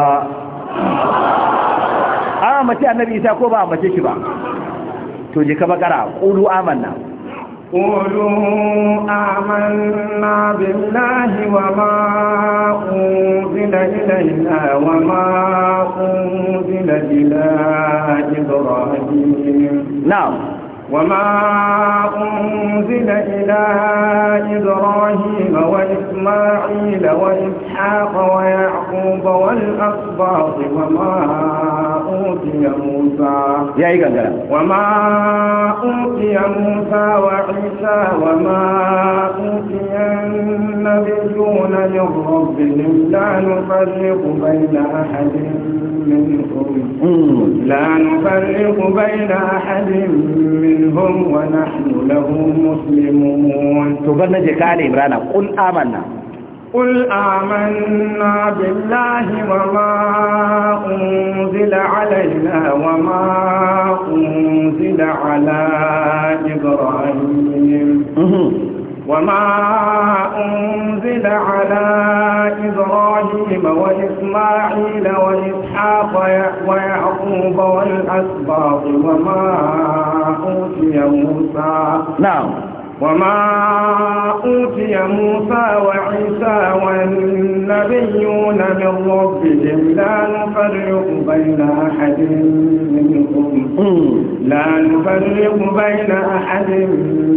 S2: a mace annabi isa ko ba a mace shi ba to je قولوا
S1: آمنا بالله وما أنزل إلينا وما أنزل إلى إبراهيم نعم وما أنزل إلى إبراهيم وإسماعيل وإسحاق وإسحاق ويعقوب والأسباط وما أوتي موسى يا إيجا وما أوتي موسى وعيسى وما أوتي النبيون من ربهم لا نفرق بين أحد منهم لا نفرق بين أحد منهم ونحن له
S2: مسلمون تبرنا جكال إبرانا قل آمنا
S1: قل آمنا بالله وما أنزل علينا وما أنزل على إبراهيم وما أنزل على إبراهيم وإسماعيل وإسحاق ويعقوب والأسباط وما أوتي موسى نعم وما أوتي موسى وعيسى والنبيون من ربهم لا نفرق بين أحد منهم لا نفرق بين أحد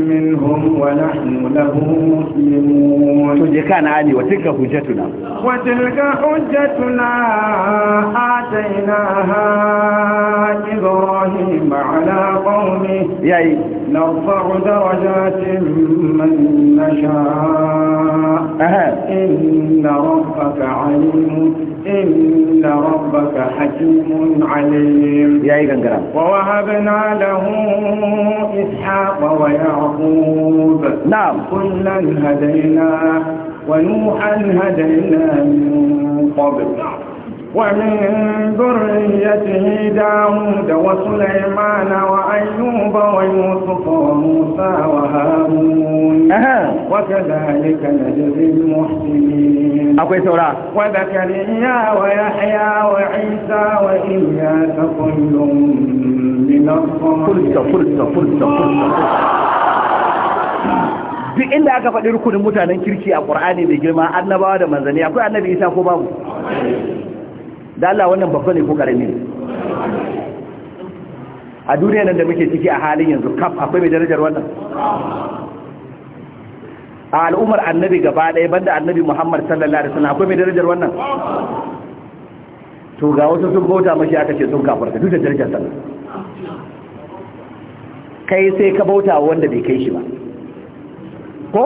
S1: منهم
S2: ونحن له مسلمون تلك نعاني وتلك حجتنا
S1: وتلك حجتنا آتيناها إبراهيم على قومه نرفع درجات من نشاء إن ربك عليم إن ربك حكيم عليم يا إيجان ووهبنا له إسحاق ويعقوب نعم كلا هدينا ونوحا هدينا من قبل ومن ذريته داود وسليمان وأيوب ويوسف وموسى وهارون وكذلك نجزي المحسنين وزكريا ويحيى وعيسى وإياس كل
S2: من الصالحين duk inda aka faɗi rukunin mutanen kirki a ƙur'ani mai girma annabawa da manzanni akwai annabi isa ko babu da Allah wannan babba ne ko karami a duniya nan da muke ciki a halin yanzu kaf akwai mai darajar wannan a al'ummar annabi gaba ɗaya banda annabi muhammad sallallahu alaihi wasallam akwai mai darajar wannan to ga wasu sun bauta mashi aka ce sun kafarta duk da darajar sallah kai sai ka bauta wanda bai kai shi ba ko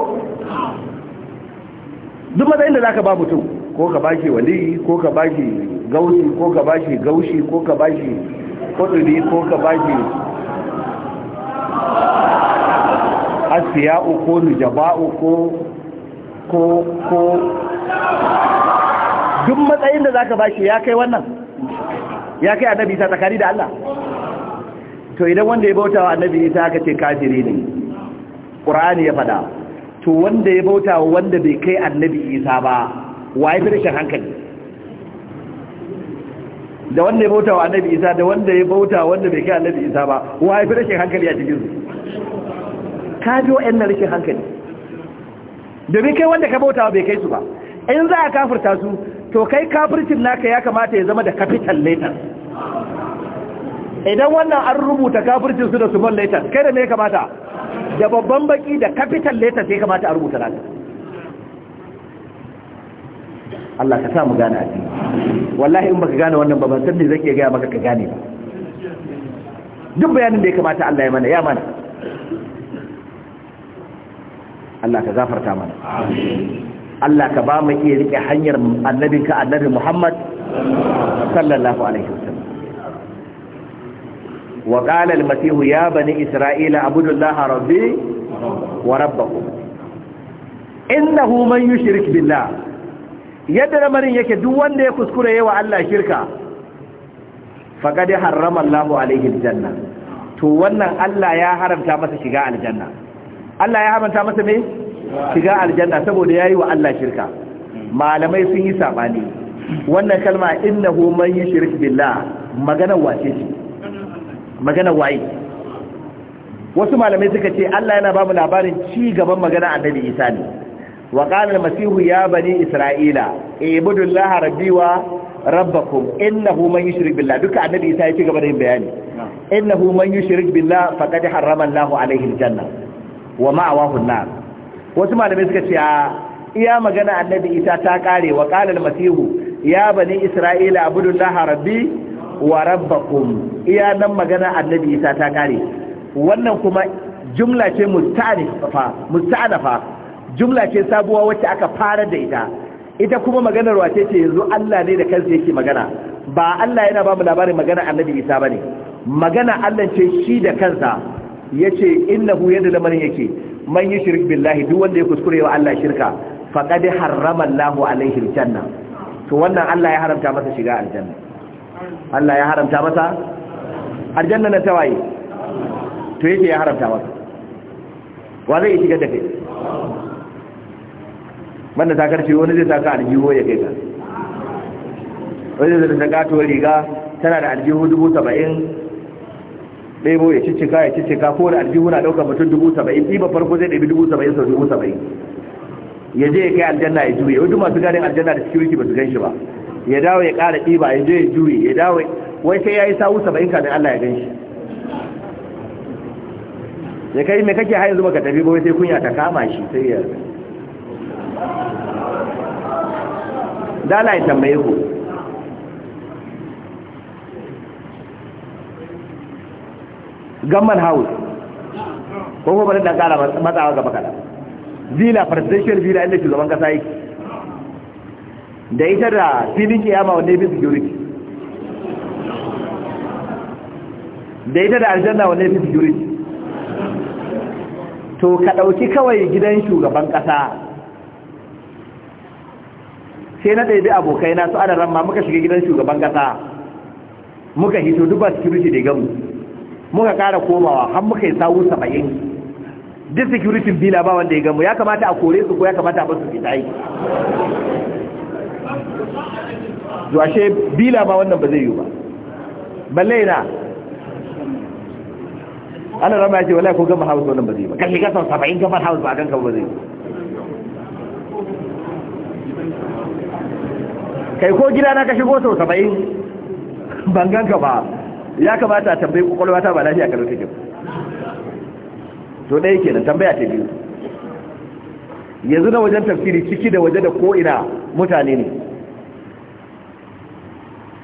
S2: duk matsayin da zaka ba mutum ko ka bashi wali ko ka bashi gausi ko ka bashi gaushi ko ka bashi kuduri ko ka bashi asiya'u ko nujaba'u ko ko ko duk matsayin da zaka bashi ya kai wannan ya kai annabi ta tsakani da Allah to idan wanda ya bauta wa annabi ta aka ce kafiri ne qur'ani ya fada to wanda ya bauta wanda bai kai annabi isa ba waye fi rashin hankali da wanda ya bauta wa annabi isa da wanda ya bauta wanda bai kai annabi isa ba waye fi rashin hankali a cikin su ka biyo wa'yan na rashin hankali domin kai wanda ka bauta wa bai kai su ba in za a kafirta su to kai kafircin naka ya kamata ya zama da capital letter idan wannan an rubuta kafircin su da small letter kai da me ya kamata da babban baki da capital letter sai kamata a rubuta naka Allah ka sa mu gane a cikin, wallahi in baka gane wannan ba ban san me iya gaya maka ka gane ba duk bayanin da ya kamata Allah ya mana ya mana Allah ka gafarta mana Allah ka ba mu iya rike hanyar annabinka annabi Muhammad sallallahu alaihi wasallam wa qala al-masih ya bani isra'ila abudullaha rabbi wa rabbakum innahu man yushrik billah yadda lamarin yake duk wanda ya kuskure yawa Allah shirka faqad harrama Allahu alaihi aljanna to wannan Allah ya haramta masa shiga aljanna Allah ya haramta masa me shiga aljanna saboda yayi wa Allah shirka malamai sun yi sabani wannan kalma innahu man yushrik billah magana wace ce magana waye wasu malamai suka ce Allah yana ba mu labarin ci gaban magana annabi Isa ne wa qala ya bani isra'ila ibudullaha rabbi wa rabbakum innahu man yushrik duka annabi isa ya ci gaba da yin bayani innahu man yushrik billah faqad harrama Allahu wa ma'awahu wasu malamai suka ce a iya magana annabi isa ta wa qala al-masihu magana annabi isa ta kare wannan kuma jumla ce musta'anifa jumla ce sabuwa wacce aka fara da ita ita kuma maganar wace ce yanzu Allah ne da kansa yake magana ba Allah yana ba mu labarin magana annabi Isa bane magana Allah ce shi da kansa yace innahu yadda lamarin yake man yushrik billahi duk wanda ya kuskure wa Allah shirka faqad harrama Allahu alaihi aljanna to wannan Allah ya haramta masa shiga aljanna Allah ya haramta masa aljanna na tawaye to yake ya haramta masa wa zai shiga da kai banda ta karfi wani zai saka aljihu ya kai ka wani zai saka katuwar riga tana da aljihu dubu saba'in ɗebo ya cicika ya cicika ko da aljihu na ɗaukar mutum dubu saba'in ɗiba farko zai ɗabi dubu saba'in sau dubu saba'in ya je ya kai aljanna ya juye wajen masu ganin aljanna da security ba su gan shi ba ya dawo ya ƙara ɗiba ya je ya juye ya dawo wai sai ya yi sawu saba'in kafin allah ya gan shi ya kai mai kake har yanzu baka tafi ba sai kunya ta kama shi sai ya dala Allah ya tambaye ku gamman house ko ko bari dan kara matsawa gaba kada zila presidential villa inda shugaban kasa yake da ita da filin kiyama wanne bi security da ita da aljanna wanne bi security to ka dauki kawai gidan shugaban kasa sai na ɗaiɗe abokai na su ana ramma muka shiga gidan shugaban ƙasa muka hito duk ba security da gamu muka ƙara komawa har muka yi sawu saba'in duk security bila ba wanda ya gamu ya kamata a kore su ko ya kamata a basu fita yi zuwashe she bila ba wannan ba zai yi ba balle na ana rama ya ce wala ko gama house wannan ba zai ba kashi kasan saba'in gamar house ba a kama ba zai yi kai ko gida na ka shigo sau saba'in bangan ka ba ya kamata a tambayi kwakwalwa ta ba lafiya kalau take to ɗaya kenan tambaya ta biyu yanzu na wajen tafsiri ciki da waje da ko'ina mutane ne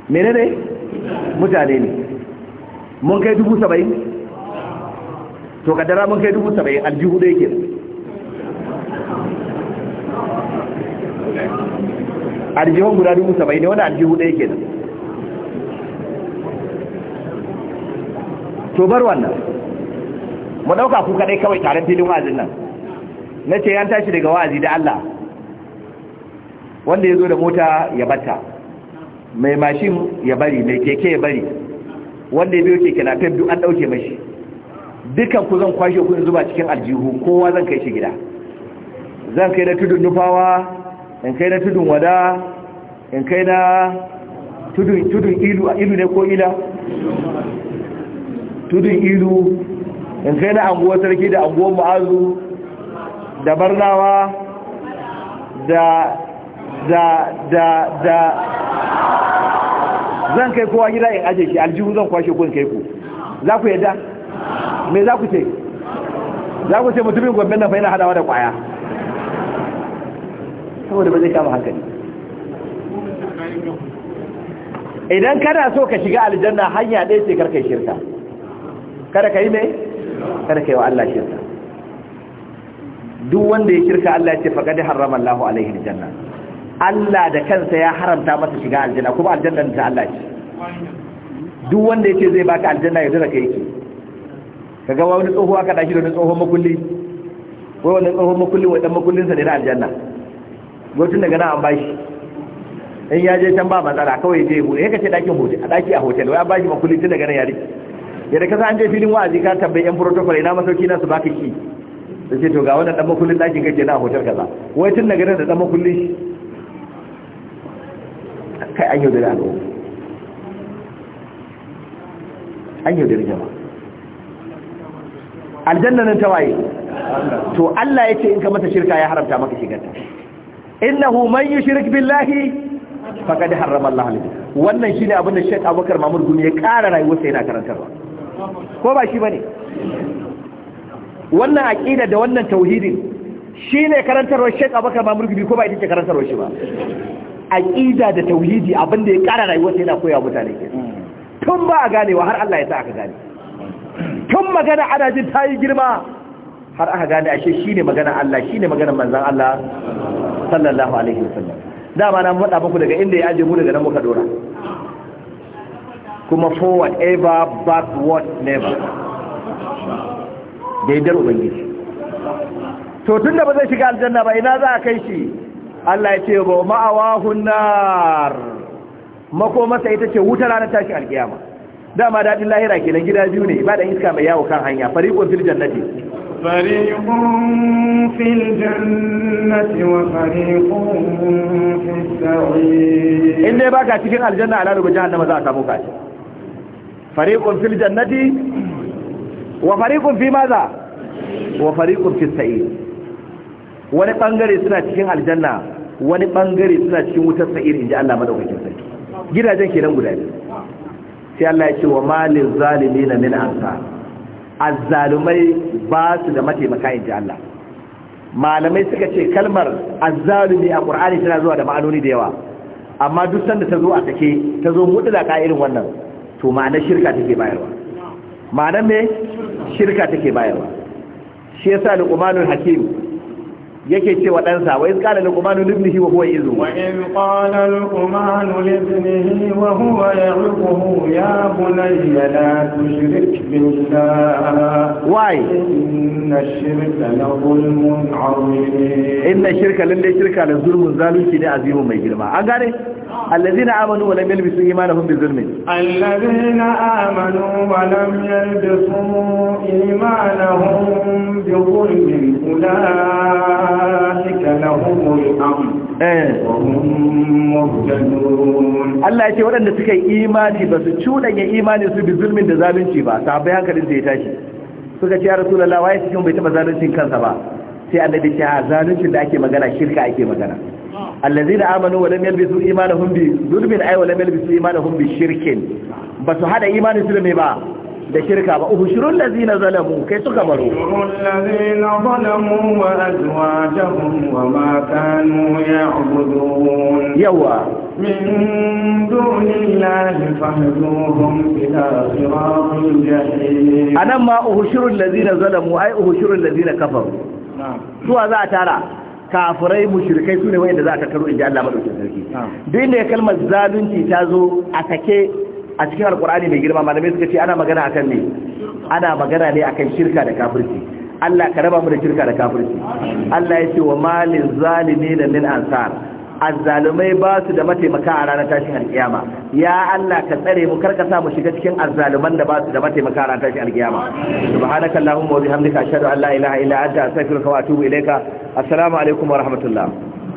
S2: mene ne mutane ne mun kai dubu saba'in to kaddara mun kai dubu saba'in aljihu ɗaya ke nan aljihun guda dubu saba'i ne wani aljihu ɗaya ke nan to bar wannan mu ɗauka ku kaɗai kawai tare filin wa'azin nan na ce yan tashi daga wa'azi da Allah wanda ya zo da mota ya bata mai mashin ya bari mai keke ya bari wanda ya biyo keke na fef an ɗauke mashi dukan ku zan kwashe ku zuba cikin aljihu kowa zan kai shi gida zan kai na tudun nufawa in kai na tudun wada in kai na tudun ilu a ilu ne ko ila tudun ilu in kai na anguwa sarki da anguwa ma'azu da barnawa da da da da zan kai kowa gida in aje shi aljihu zan kwashe kun kai ku za ku yadda me za ku ce za ku ce mutumin gwamnan na fahimta hadawa da kwaya saboda ba zai kama hankali idan kana so ka shiga aljanna hanya ɗaya ce karka shirka kada ka yi mai kada ka yi wa Allah shirka duk wanda ya shirka Allah ce da harraman Allah alaihi aljanna Allah da kansa ya haramta masa shiga aljanna kuma aljanna ta Allah ce duk wanda ya ce zai baka aljanna ya zira ka yake ka ga wani tsoho aka ɗashi da wani tsohon makulli wai wani tsohon makulli wai ɗan makullinsa ne na aljanna gotun daga na an bashi in ya je can ba matsala kawai je bude ya kace dakin hotel a daki a hotel wai an bashi makulli tun daga nan ya rike yadda kasa an je filin wa'azi ka tambayi yan protocol ina masauki na su baka ki da ce to ga wannan dan makullin dakin kake na hotel kaza wai tun daga nan da dan makulli kai an yau da al'umma an yau da rijama aljanna nan ta waye to Allah ya ce in ka mata shirka ya haramta maka shigarta innahu man yushrik billahi faqad harrama Allah alayhi wannan shine abin da Sheikh Abubakar Mamur Gumi ya kara rayuwarsa yana karantarwa ko ba shi bane wannan aqida da wannan tauhidin shine karantarwar Sheikh Abubakar Mamur Gumi ko ba ita ce karantarwar shi ba aqida da tauhidi abin da ya kara rayuwarsa yana koya mutane ke tun ba a ganewa har Allah ya sa aka gane tun magana ana jin tayi girma har aka gane ashe ne magana Allah shi ne magana manzan Allah sallallahu alaihi wa Da dama na faɗa muku daga inda ya aje mu daga nan muka dora kuma forward ever backward never daidar ubangiji to tun da ba zai shiga aljanna ba ina za a kai shi Allah ya ce ba ma'awahun nar masa ita ce wuta ranar tashi alkiyama dama daɗin lahira kenan gida biyu ne ba da iska mai yawo kan hanya fariƙon fil jannati
S1: فريق في الجنة وفريق في السعير
S2: إني باكا cikin aljanna ala rubu jahannama za a samu kace fariqun fil jannati wa fariqun fi madha wa fi wani bangare suna cikin aljanna wani bangare suna cikin wutar sa'ir inji Allah madaukakin sarki gidajen kenan guda biyu sai Allah ya ce wa malil zalimin min ansar azzalumai ba su da mataimaka inji Allah malamai suka ce kalmar azzalumi a ƙur'ani tana zuwa da ma'anoni da yawa amma duk sanda ta zo a take ta zo ka irin wannan to ma'anar shirka take bayarwa ma'anar me shirka take bayarwa shi yasa luqmanul hakim yake ce wa ɗansa wa iz qala luqmanu li wa huwa ya'izu wa iz qala
S1: luqmanu li wa huwa ya'izuhu ya bunayya la
S2: tushrik billah why inna shirka la zulmun 'azim inna shirka lalle shirka na zulmun zalunci ne azimu mai girma an gane الذين آمنوا ولم يلبسوا إيمانهم بظلم
S1: الذين آمنوا ولم يلبسوا إيمانهم بظلم
S2: أولئك Allah ya ce waɗanda suka yi imani ba su cuɗanya imani su bi zulmin da zalunci ba sahabbai hankalin da ya tashi suka ce ya Allah waye cikin bai taɓa zaluncin kansa ba sai Allah da ce a zaluncin da ake magana shirka ake magana da amanu wa lam yalbisu imanahum bi zulmin ay wa lam yalbisu imanahum bi shirkin ba su hada imanin su da mai ba da shirka ba uhushurul ladzina zalamu kai suka baro uhushurul
S1: ladzina zalamu ma kanu ya'budun yawa
S2: min dunillahi fahduhum ila siratil jahim anan ma uhushurul ai zuwa za a tara kafirai mushrikai sune wanda za a in inji Allah madaukakin sarki duk inda kalmar zalunci ta zo a sake a cikin alkur'ani mai girma malamai suka ce ana magana akan ne ana magana ne akan shirka da kafirci Allah ka raba mu da shirka da kafirci Allah ya ce wa malin da min ansar azzalumai ba su da mataimaka a ranar tashin alkiyama ya Allah ka tsare mu karka sa mu shiga cikin azzaluman da ba su da mataimaka a ranar tashin alkiyama subhanakallahumma wa bihamdika ashhadu an la ilaha illa anta astaghfiruka wa atubu ilaika assalamu alaikum wa rahmatullah